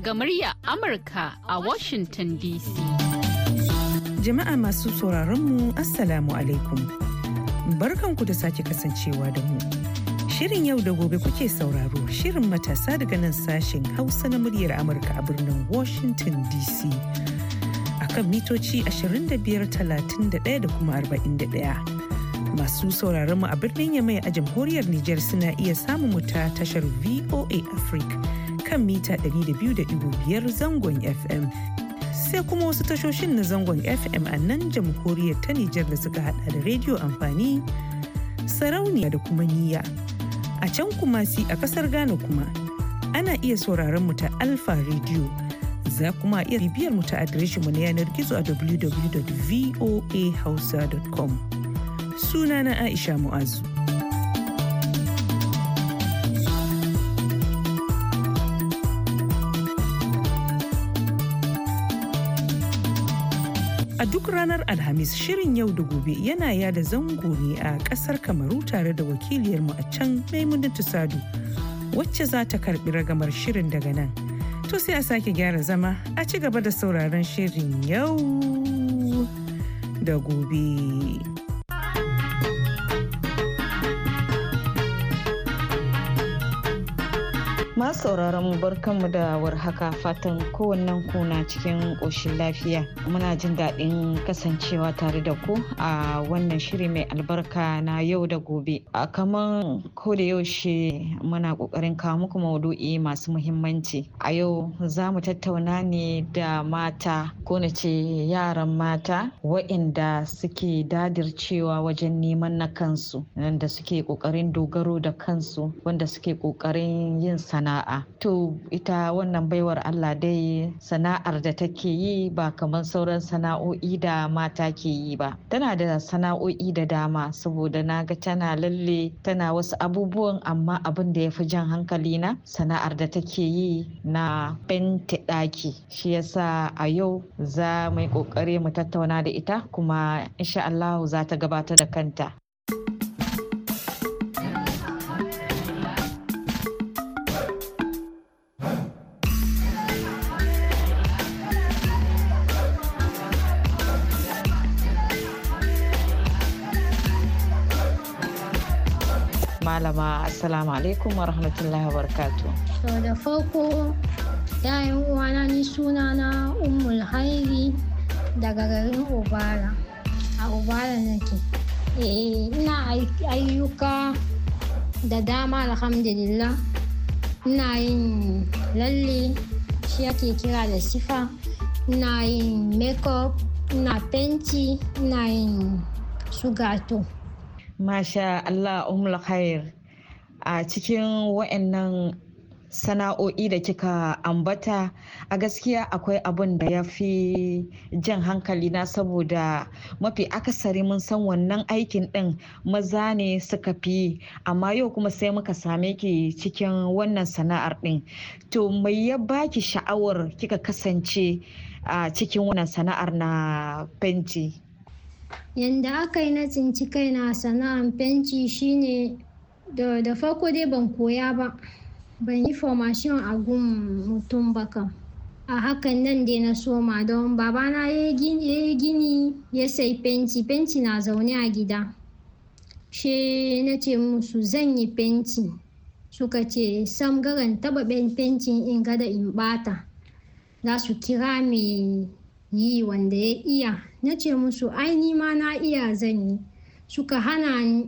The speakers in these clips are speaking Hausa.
daga murya Amurka a Washington DC. Jama'a masu sauraronmu Assalamu alaikum. Barkanku da sake kasancewa da mu. Shirin yau da gobe kuke sauraro shirin matasa daga nan sashen Hausa na muryar Amurka a birnin Washington DC. Akan mitoci 25,31 da kuma 41. masu sauraron mu a birnin yamai a jamhuriyar Nijar suna iya samun wuta ta tashar VOA Africa kan mita 200.5 zangon FM. Sai kuma wasu tashoshin na zangon FM a nan jamhuriyar ta Nijar da suka hada da rediyo amfani, sarauniya da kuma niyya. A can kuma si a kasar Ghana kuma ana iya sauraron mu ta Alfa Radio. Za kuma iya bibiyar mu ta adireshin mu na yanar gizo a www.voahausa.com. Sunana Aisha Mu'azu. duk ranar Alhamis shirin yau da gobe yana yada zango ne a kasar Kamaru tare da wakiliyarmu a can Maimunatu Sadu wacce za ta karbi ragamar shirin daga nan. To sai a sake gyara zama a ci gaba da sauraron shirin yau da gobe. sauraron mu barkanmu da warhaka fatan kowannen kuna cikin ƙoshin lafiya muna jin daɗin kasancewa tare da ku a wannan shiri mai albarka na yau da gobe a kaman ko da yaushe muna ƙoƙarin kawo muku maudu'i masu muhimmanci a yau za mu tattauna ne da mata ko na ce yaran mata wa'inda suke dadircewa wajen neman na kansu da suke ƙoƙarin dogaro da kansu wanda suke ƙoƙarin yin sana'a sana'a to ita wannan baiwar Allah dai sana'ar da take yi ba kamar sauran sana'o'i da mata ke yi ba tana da sana'o'i da dama saboda na ga tana lalle tana wasu abubuwan amma abin da ya fi jan hankali na sana'ar da take yi na fenti ɗaki shi yasa a yau za mu yi ƙoƙari mu tattauna da ita kuma insha Allah za ta gabatar da kanta malama assalamu alaikum wa rahmatullahi wa barakatu. To da farko yayin uwana ni suna na Ummul Hairi daga garin Obara. A Obara nake. Eh ina ayyuka da dama alhamdulillah. Ina yin lalle shi ake kira da sifa. Ina yin makeup, ina fenti, ina yin Masha Allah umul khair a cikin wa'annan sana'o'i da kika ambata a gaskiya akwai abin da ya fi jan hankali na saboda mafi akasari mun san wannan aikin din maza ne suka fi amma yau kuma sai muka same ki cikin wannan sana'ar din to mai ya baki sha'awar kika kasance a cikin wannan sana'ar na fenti yanda aka yi na tsinci kaina sana'an fenti shine da da farko dai ban koya ba ban yi formation a gun mutum ba kam a hakan nan dai na soma don babana ya yi gini ya sai fenti fenti na zaune a gida shi na ce musu zan yi fenti suka ce sam garan taba fentin in gada in bata za su kira mai yi wanda ya iya na ce musu ai ni ma na iya zan yi suka hana ni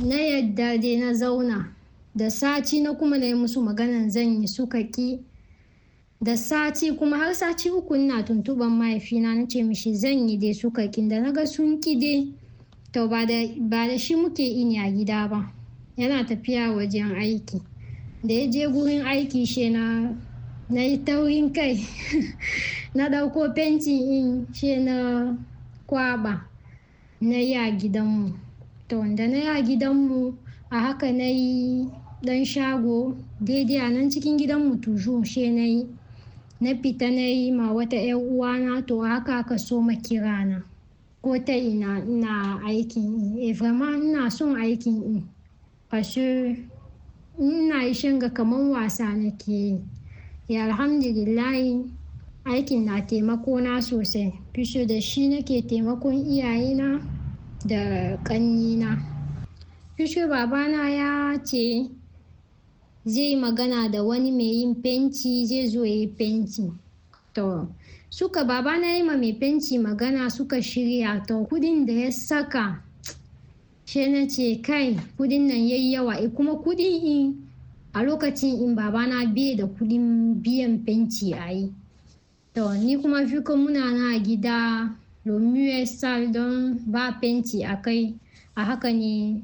na yadda dai na zauna da sati na kuma na yi musu maganan zan yi suka ki da sati kuma har sati uku ina tuntuban mahaifina na ce mishi zan yi dai suka ki da na ga sun ki dai to ba da shi muke ini a gida ba yana tafiya wajen aiki da ya je gurin aiki shi na na yi taurin kai na ɗauko fenti in she na kwaba na yi a gidanmu to da na yi a gidanmu a haka na yi ɗan shago daidai a nan cikin gidanmu tuju she na yi na fita na yi ma wata 'yan uwana to haka aka so kirana ko ta ina ina aikin in evrama ina son aikin in fashe ina yi shanga kamar wasa nake yi ya alhamdulillahi aikin na taimako na sosai fisho da shi nake taimakon iyayena da ƙannina fisho babana ya ce zai magana da wani mai yin fenti zai zo ya yi fenti to suka babana ya yi ma mai fenti magana suka shirya to kudin da ya saka shi na ce kai kudin nan yayi yawa eh, kuma kudin in a lokacin in babana bai da kudin biyan fenti a yi to ni kuma fi muna na gida domin sal don ba fenti a kai a haka ne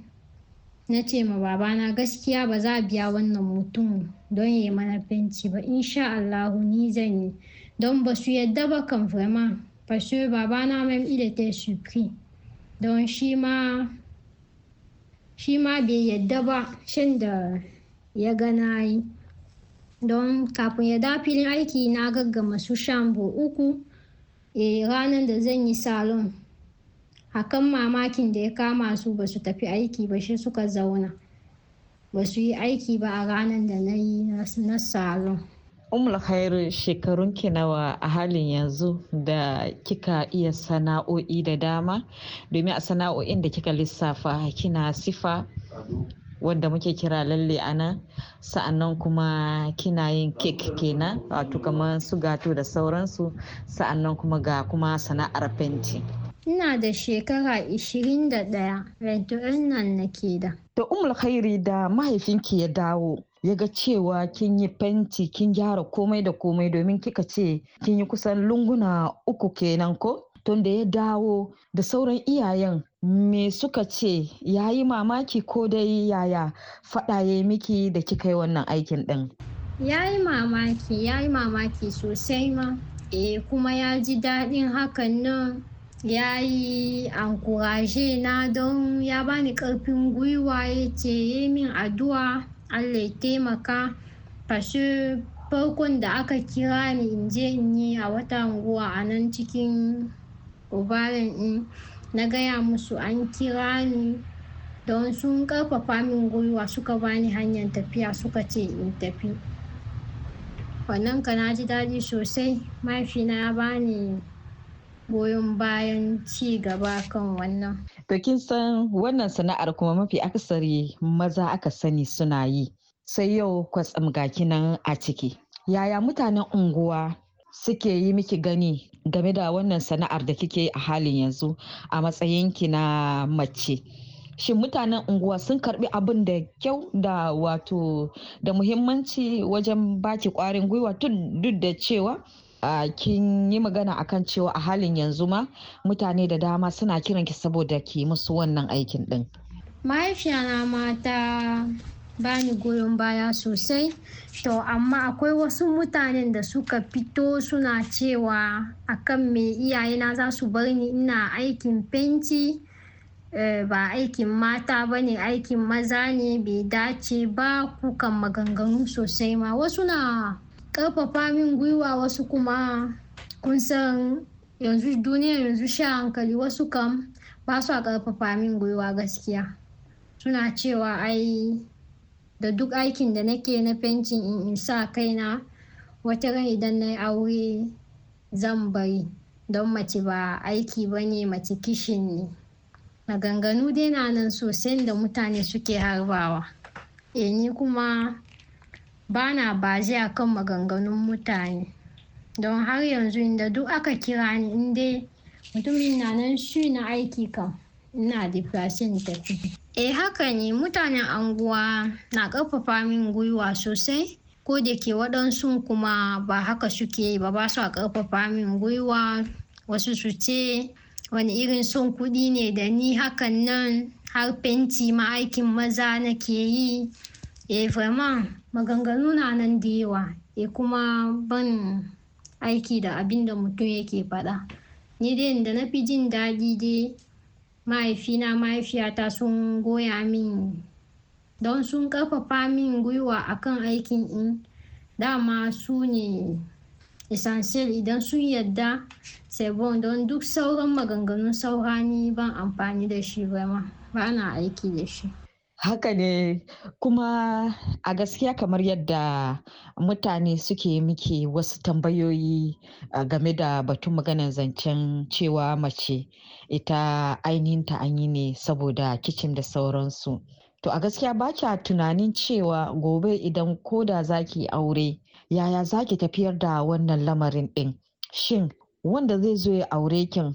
na ce ma babana gaskiya ba za a biya wannan mutum don ya yi mana fenti ba insha allahu ni zan yi don ba su yadda ba kan fama parce que babana même ile ta surpris don shi ma shi ma bai yadda ba shan da ya ga na yi don kafin ya da filin aiki na gaggama su shambo uku e eh, ranar da zan yi salon hakan mamakin da ya kama su ba su tafi aiki ba shi suka zauna ba su yi aiki ba a ranar da na yi na salon umar khairu shekarun nawa a halin yanzu da kika iya sana'o'i da dama domin a sana'o'in da kika lissafa kina sifa wanda muke kira lalle a nan sa'annan kuma kina yin kek kenan wato kamar su gato da sauransu sa'annan kuma ga kuma sana'ar fenti ina da shekara 21 renturen nan nake da da umar khairi da mahaifinki ya dawo ya ga cewa kin yi fenti kin gyara komai da komai domin kika ce kin yi kusan lunguna uku kenan ko tunda da ya dawo da sauran iyayen me suka ce ya yi mamaki ko dai yaya faɗa ya miki da kika yi wannan aikin ɗin? Ya yi mamaki, ya yi mamaki sosai ma. E kuma ya ji daɗin hakan nan ya yi ankuraje na don ya bani ƙarfin gwiwa ya ce yi min addu'a Allah ya taimaka fashe farkon da aka kira ni in je in yi a wata unguwa a nan cikin ovarian ɗin na gaya musu an kira ni don sun karfafa min gwiwa suka bani hanyar tafiya suka ce in tafi wannan ka na ji daɗi sosai mahaifina ya bani goyon bayan ci gaba kan wannan. Da kin san wannan sana'ar kuma mafi akasari maza aka sani suna yi sai yau kwatsam ga nan a ciki. Yaya mutanen unguwa suke yi miki gani game da wannan sana'ar da kike a halin yanzu a matsayin ki na mace shin mutanen unguwa sun karbi abin da kyau da wato da muhimmanci wajen baki kwarin gwiwa tun duk da cewa Uh, kin yi magana akan cewa a halin yanzu ma mutane da dama suna kiranki saboda ki musu wannan aikin din mahaifiyana mata bani goyon baya sosai to amma akwai wasu mutanen da suka fito suna cewa akan mai iyayena za su bar ni ina aikin fenti eh, ba aikin mata ba ne aikin maza ne bai dace ba kukan maganganu sosai ma wasu na karfafa min gwiwa wasu kuma kun san yanzu duniya yanzu sha hankali wasu kam ba su a karfafa min gwiwa gaskiya suna cewa ai da duk aikin da nake na fenti in sa kaina wata ran idan na yi aure zan bari don mace ba aiki ba ne mace kishin ne maganganu dai na nan sosai da mutane suke harbawa e ni kuma ba na baje a kan maganganun mutane don har yanzu inda duk aka kira ni inda mutumin na nan shi na aiki kan ina da fashin tafi. Eh haka ne mutanen anguwa na ƙarfafa min gwiwa sosai ko da ke waɗansu kuma ba haka suke ba ba su a ƙarfafa min gwiwa wasu su ce wani irin son kuɗi ne da ni hakan nan har fenti ma aikin maza nake yi. e vraiment maganganu na nan da yawa e kuma ban aiki da abin da mutum yake faɗa. Ni dai da na fi jin daɗi dai mahaifina mahaifiyata sun goya min don sun karfafa min gwiwa akan aikin in dama su ne essential idan sun yadda sabon don duk sauran maganganun saurani ban amfani da shi ba ma ba na aiki da shi Haka ne kuma a gaskiya kamar yadda mutane suke miki wasu tambayoyi game da batun maganar zancen cewa mace ita ainihinta an yi ne saboda kicin da sauransu. To a gaskiya ba kya tunanin cewa gobe idan ko da za ki aure yaya za ki tafiyar da wannan lamarin ɗin. Shin wanda zai zo ya aure kin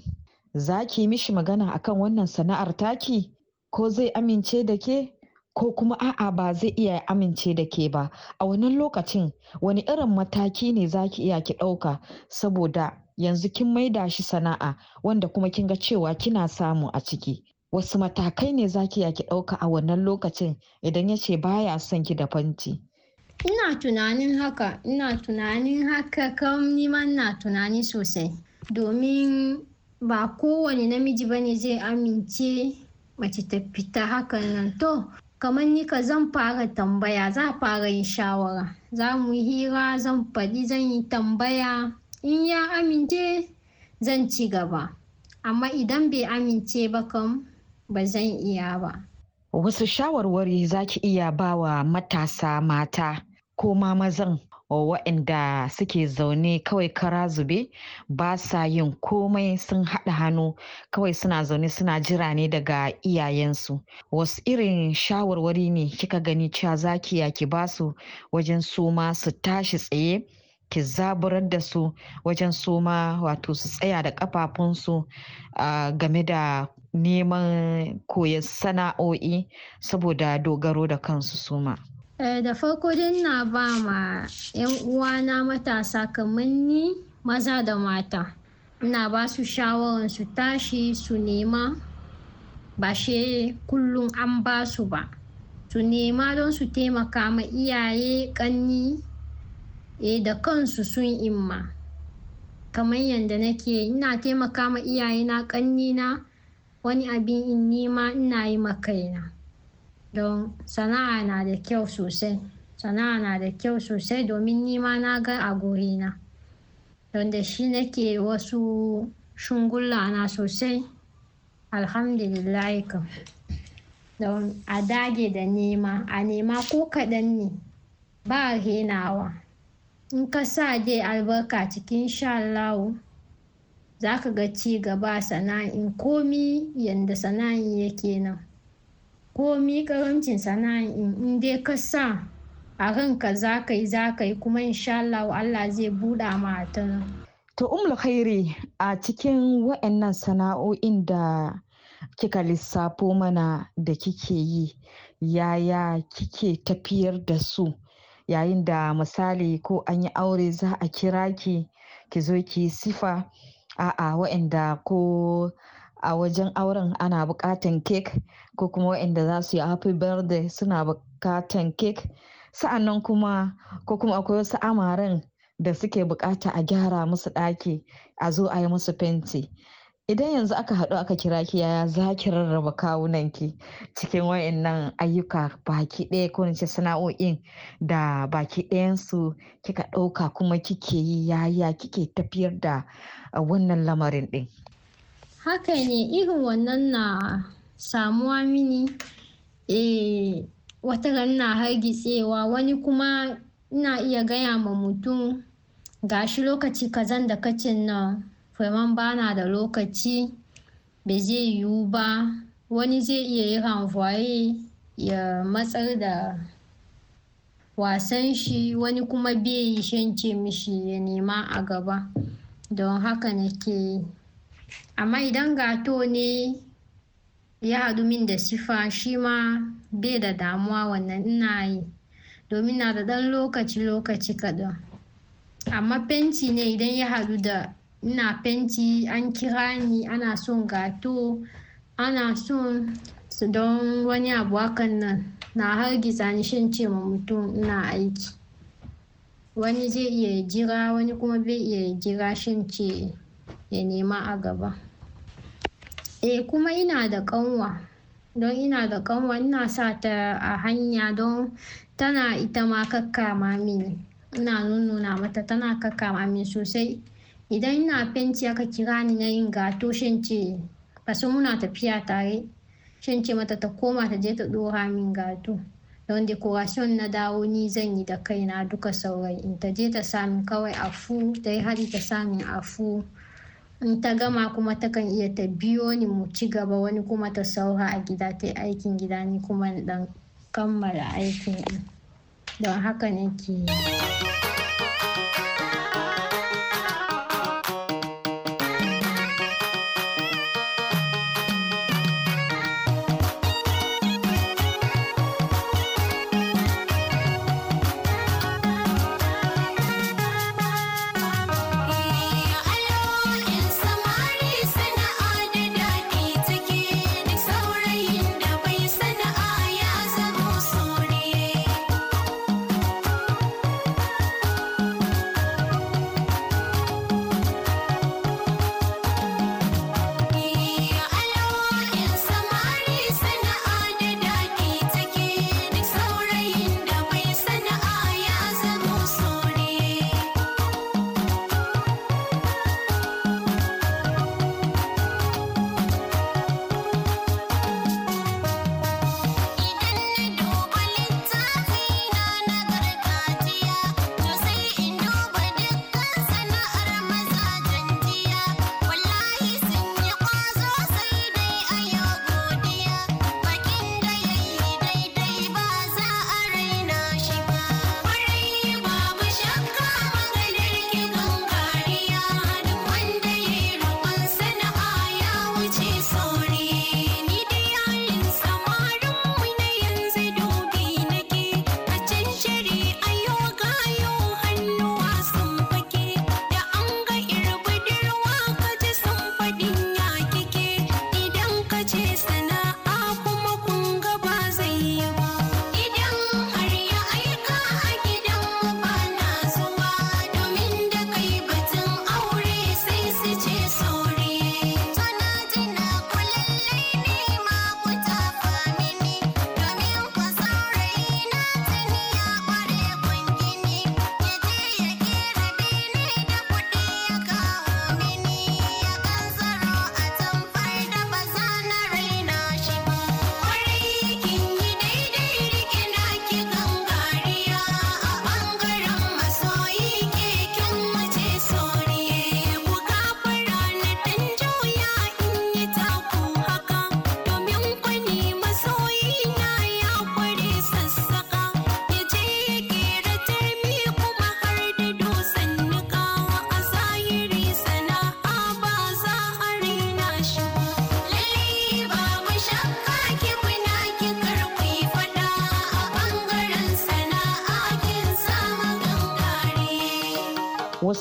za ki mishi magana akan wannan sana'ar taki ko zai amince da ke ko kuma a'a ba zai iya amince da ke ba a wannan lokacin wani irin mataki ne za ki iya ki ɗauka saboda yanzu kin maida shi sana'a wanda kuma kin ga cewa kina samu a ciki wasu matakai ne za ki iya ki ɗauka a wannan lokacin idan yace ce baya son ki da fanti ina tunanin haka ina tunanin haka kam na tunani sosai domin ba kowane namiji bane zai amince mace ta fita hakan nan to kamar nika zan fara tambaya za fara yin shawara za mu hira zan faɗi zan yi tambaya in ya amince zan ci gaba amma idan bai amince ba kam ba zan iya ba wasu shawarwari za ki iya bawa matasa mata ko ma mazan waɗanda suke zaune kawai kara zube ba sa yin komai sun haɗa hannu kawai suna zaune suna jira ne daga iyayensu wasu irin shawarwari ne kika gani cewa zaki ya ki basu wajen su su tashi tsaye ki zaburar da su wajen su ma wato su tsaya da kafafunsu game da neman koyon sana'o'i saboda dogaro da kansu suma. Eh, da farko din na ba ma 'yan uwana matasa kamar ni maza da mata ina ba su shawarar su tashi su nema ba she kullum an ba su ba su nema don su taimaka ma iyaye kanni e eh, da kansu sun imma kamar yadda nake ina taimaka ma iyaye na kanni na wani abin in nema ina yi makaina. kaina don sana'a na da kyau sosai sana'a na da kyau sosai domin nima na ga a gorina don da shi nake wasu shungulla na sosai alhamdulillah kam don a dage da nema a nema ko kaɗan ne ba henawa in ka sa dai albarka cikin sha'allahu za ka ga ci gaba sana'in komi yadda sana'in yake nan ko komi karamcin sana'in in dai ka sa a ranka za ka yi za ka yi kuma insha Allah Allah zai buɗa matan to umla khairi a cikin wa'annan sana'o'in da kika lissafo mana da kike yi yaya kike tafiyar da su yayin da misali ko an yi aure za a kira ki ki zo ki sifa a'a wa'anda ko a wajen auren ana bukatan kek ko kuma waɗanda za su yi happy birthday suna bukatan kek sa'annan kuma ko kuma akwai wasu amaren da suke bukata a gyara musu ɗaki a zo a yi musu fenti idan yanzu aka haɗu aka kira ki yaya za ki rarraba kawunanki cikin wayannan ayyuka baki ɗaya ko nace sana'o'in da baki ɗayansu kika ɗauka kuma kike yi yaya kike tafiyar da wannan lamarin ɗin haka ne irin wannan na samuwa mini e, wata na hargitsewa wani kuma ina iya gaya ma mutum gashi lokaci kazan da kacin nan faiman bana da lokaci bai zai yiwu ba wani zai iya yi hanfaye ya matsar da wasan shi wani kuma bai yi shance mishi ya nema a gaba don haka nake amma idan gato ne ya haɗu min da sifa shi ma bai da damuwa wannan ina yi domin na da ɗan lokaci-lokaci kaɗan amma fenti ne idan ya haɗu da ina fenti an kira ni ana son gato ana son su don wani abu hakan nan na hargitsa ni shan ce ma mutum ina aiki wani zai iya jira wani kuma bai iya jira shan ce ya nema a gaba eh kuma ina da ƙanwa don ina da kanwa ina sa ta a hanya don tana ita ma kakkama mini ina nuna mata tana kakkama mini sosai idan ina fenti aka kira ni na yin gato shin ce basu muna tafiya tare shin ce mata ta koma ta je ta ɗora min gato don decoration na dawo ni zan yi da kaina duka saurayi. in ta je ta sami kawai afu ta yi hari ta sami afu in ta gama kuma ta kan iya ta biyo ni mu ci gaba wani kuma ta saura a gida ta aikin gida ni kuma dan kammala aikin don haka nake yi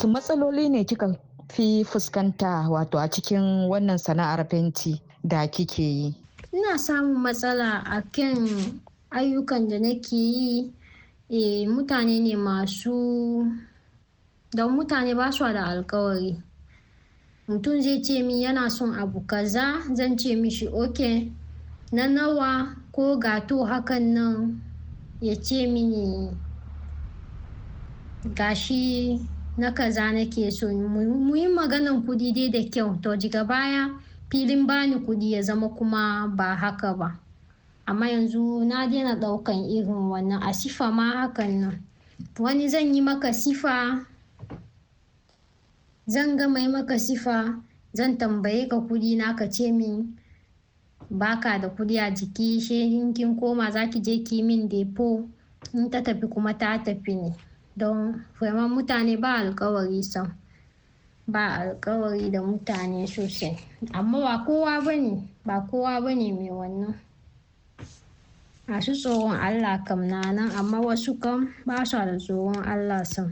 wasu matsaloli ne kika fi fuskanta wato a cikin wannan sana'ar fenti da kike yi ina samun matsala a kan ayyukan da nake yi e, mutane ne masu da mutane ba su da alkawari mutum zai ce min yana son abu kaza zan ce mishi ok na nawa ko gato hakan nan ya ce mini gashi na kaza nake so mu yi maganan kuɗi dai da kyau to daga baya filin bani kuɗi ya zama kuma ba haka ba amma yanzu na daina ɗaukan irin wannan a sifa ma hakan nan wani zan yi maka sifa zan gama yi maka sifa zan tambaye ka kuɗi na ka ce min baka da kuɗi a jiki shehin kin koma za ki je ki min depo in ta tafi kuma ta tafi ne don vraiment mutane ba alkawari sam ba alkawari da mutane sosai amma ba kowa bane ba kowa ne mai wannan masu tsoron allah kam na nan amma wasu kam ba su da tsoron allah sam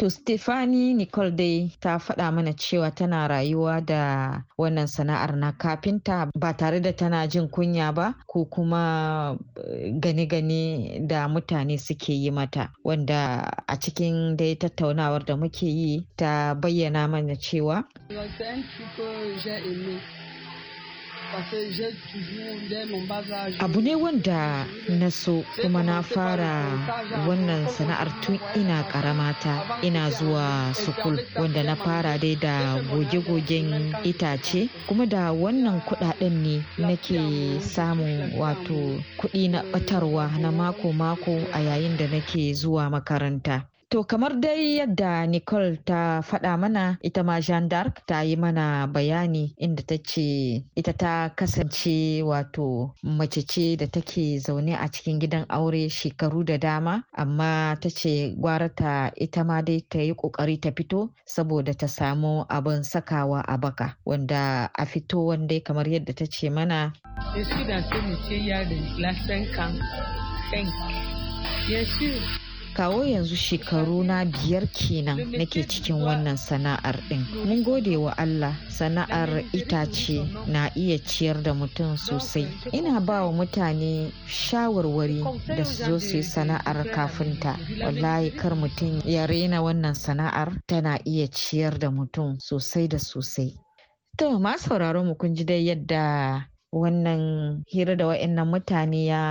To Stefani Nicole dai ta faɗa mana cewa tana rayuwa da wannan sana'ar na kafinta ba tare da tana jin kunya ba ko kuma eh, gane-gane da mutane suke yi mata wanda a cikin dai tattaunawar da muke yi ta bayyana mana cewa. abu ne wanda na so kuma na fara wannan sana'ar tun ina karamata ina zuwa sukul wanda na fara dai da goge-gogen itace kuma da wannan kudaden ne nake samun wato kudi na batarwa na mako-mako a yayin da nake zuwa makaranta To kamar dai yadda Nicole ta faɗa mana ita ma Jean d'Arc ta yi mana bayani inda ta ce ita ta kasance wato mace ce da take zaune a cikin gidan aure shekaru da dama amma ta ce gwarata ita ma dai ta yi ƙoƙari ta fito saboda ta samu abin sakawa a baka wanda a fito wanda kamar yadda ta ce mana. da ce yadda kawo yanzu shekaru na biyar kenan nake cikin wannan sana'ar ɗin. mun gode wa allah sana'ar itace na iya ciyar da mutum sosai ina ba wa mutane shawarwari da su zo su yi sana'ar kafinta wallahi kar mutum ya rena wannan sana'ar tana iya ciyar da mutum sosai da sosai to masu sauraron mu kun ji dai yadda wannan hira da wa'annan mutane ya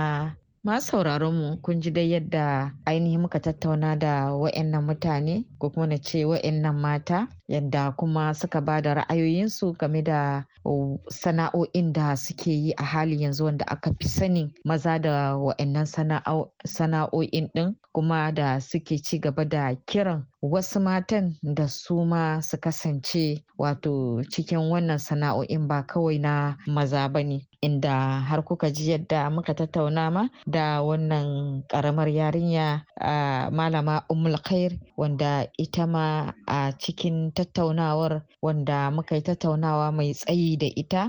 masu sauraron mu kun ji dai yadda ainihin muka tattauna da wa'annan mutane ko kuma na ce wa'annan mata yadda kuma suka ba da ra'ayoyinsu game da sana'o'in da suke yi a hali yanzu wanda aka fi sani maza da wa'annan sana'o'in din kuma da suke ci gaba da kiran wasu matan da su ma su kasance wato cikin wannan sana'o'in ba kawai na maza ba ne inda har kuka ji yadda muka tattauna ma da wannan karamar yarinya a malama umul khair wanda ita ma a cikin tattaunawar wanda muka yi tattaunawa mai tsayi da ita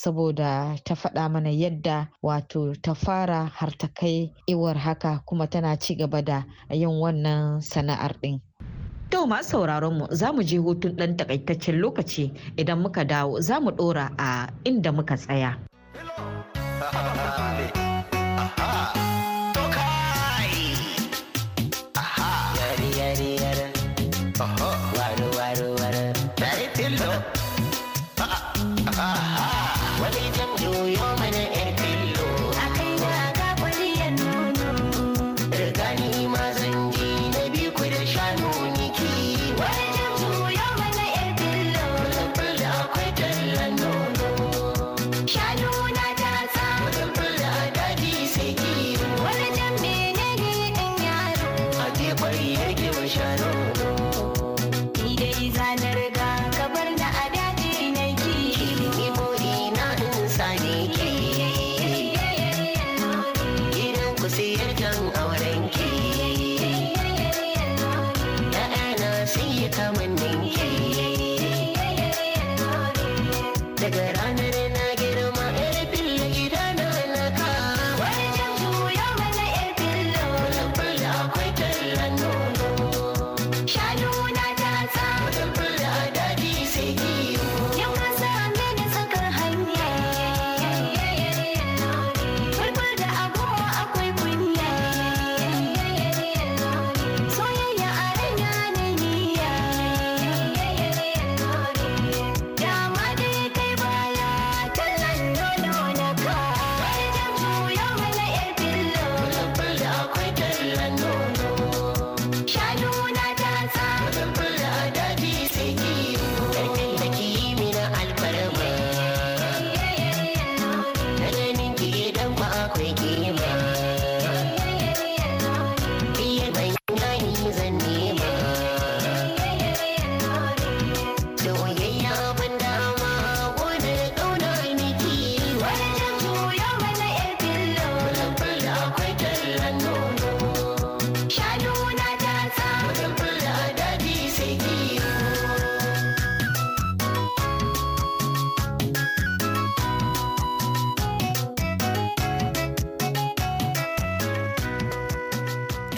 saboda ta faɗa mana yadda wato ta fara har ta kai iwar haka kuma tana ci gaba da yin wannan sana'ar ɗin. To masu sauraron mu za mu je hutun ɗan takaitaccen lokaci idan muka dawo za mu ɗora a inda muka tsaya.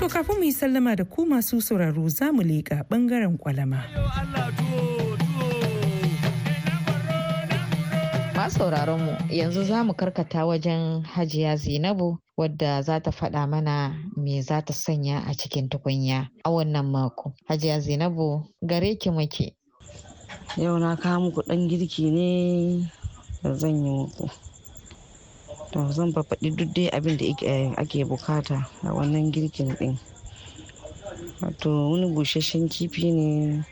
To kafin mu yi sallama da ku masu sauraro za mu leƙa ɓangaren kwalama. sauraron mu yanzu za mu karkata wajen hajiya zainabu wadda za ta faɗa mana me za ta sanya a cikin tukunya a wannan mako hajiya zainabu gare ki muke yau na kawo muku ɗan girki ne da zan yi muku to zan faɗi duk dai abin da eh, ake bukata a wannan girkin ɗin wato wani busasshen kifi ne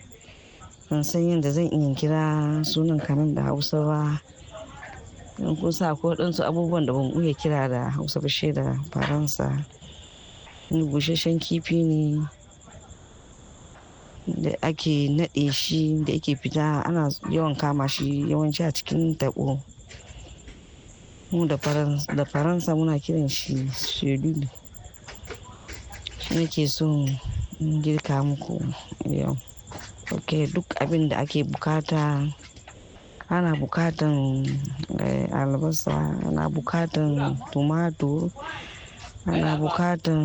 ban san yadda zan iya kira sunan kanan da hausa ba in kun sa ko ɗansu abubuwan da ban iya kira da hausa ba shi da faransa wani busasshen kifi ne da ake naɗe shi da ake fita ana yawan kama shi yawanci a cikin taɓo mu da faransa muna kiran shi shedu shi nake so girka muku yau ok duk abin da ake bukata ana bukatan eh, albasa ana bukatan tumatur ana bukatan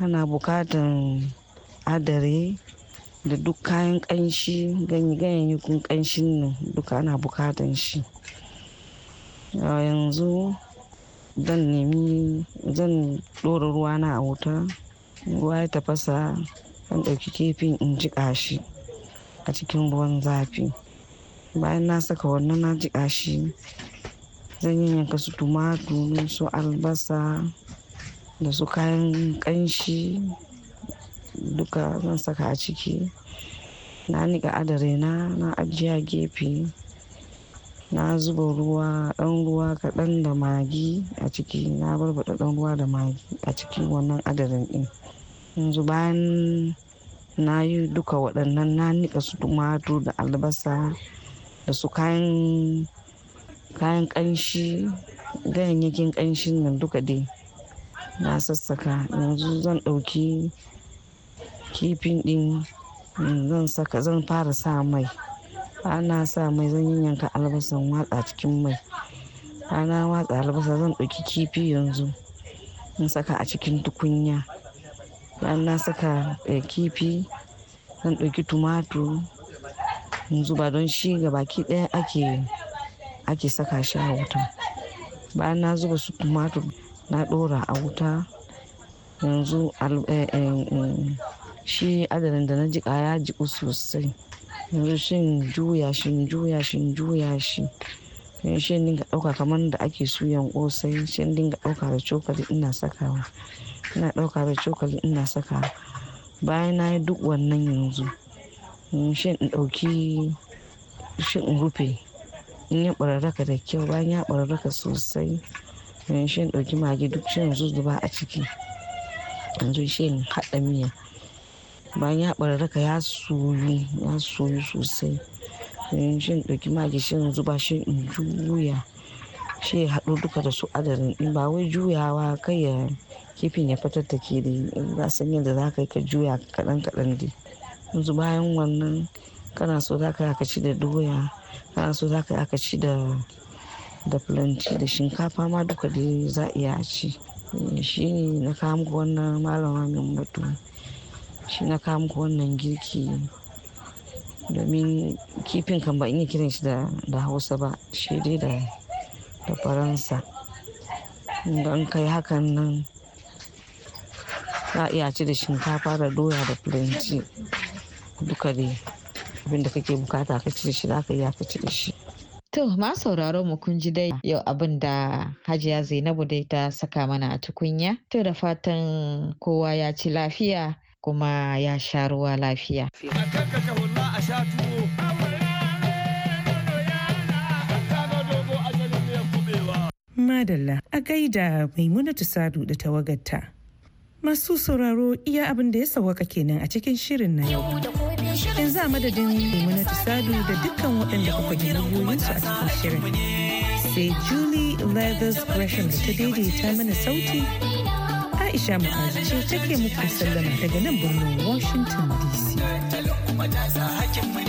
ana bukatan adare da duk kayan kanshi ganyayyakun kanshin nan duka ana bukatan shi a yanzu zan nemi zan ɗora ruwa na a wuta ruwa ya tafasa zan ɗauki kifin in ji ƙashi a cikin ruwan zafi bayan na saka wannan na ji ƙashi zan yi yanka su tumatu su albasa da su kayan ƙanshi duka zan saka a ciki na niƙa adare na na ajiya gefe na zuba ruwa ɗan ruwa kaɗan da magi a ciki na barbaɗa ɗan ruwa da magi a cikin wannan adadin ɗin yanzu bayan na yi duka waɗannan na nika su tumatur da albasa da su kayan kayan ƙanshi ganyayyakin ƙanshin nan duka dai na sassaka yanzu zan ɗauki kifin ɗin zan saka zan fara sa mai ana sa mai zan yanka albasan watsa cikin mai na watsa albasa zan ɗauki kifi yanzu in saka a cikin tukunya bayan na saka eh, kifi zan ɗauki tumatur in zuba don shi ga baki ɗaya ake ake saka shi a wuta bayan na zuba su tumatur na ɗora a wuta yanzu eh, eh, shi adadin da na jiƙa ya jiƙu sosai yanzu shin juya shi juya shi juya shi eh, shi dinga ɗauka kamar da ake suyan ƙosai shi dinga ɗauka da cokali ina sakawa ina ɗauka da cokali ina sakawa bayan na yi duk wannan yanzu mm, shi in ɗauki shi in rufe in ya ɓararraka da kyau bayan ya ɓararraka sosai eh, shi in ɗauki magi duk shi yanzu zuba a ciki yanzu shi haɗa miya bayan ya ɓararraka ya soyu ya soyu sosai sai shin ɗauki magi shin zuba shi in juya shi ya haɗu duka da su adadin in ba wai juyawa kai ya kifin ya fitar da ke da za san yadda za ka yi ka juya kaɗan kaɗan dai yanzu bayan wannan kana so za ka ci da doya kana so za ka ci da da fulanci da shinkafa ma duka dai za a iya ci shi ne na kawo wannan malama mai mutum shi na kawo muku wannan girki domin kifin kan ba in yi kiran shi da hausa ba shi dai da faransa don kai hakan nan za a iya ci da shinkafa da doya da filanci duka dai abinda kake bukata ka ci da shi za ka iya ka ci da shi To ma sauraro mu kun ji dai yau abin da Hajiya Zainabu dai ta saka mana a tukunya. To da fatan kowa ya ci lafiya kuma ya sha ruwa lafiya. Madalla a gaida Maimunatu Sadu da tawagarta. Masu sauraro iya abin da ya sawaka kenan a cikin shirin na yau. Yanzu a madadin Maimunatu Sadu da dukkan waɗanda kuka ji miliyoyinsu a cikin shirin. Sai Julie Leathers Gresham da ta daidaita mana sauti Aisha Muhammad ce take muku sallama daga nan birnin Washington DC.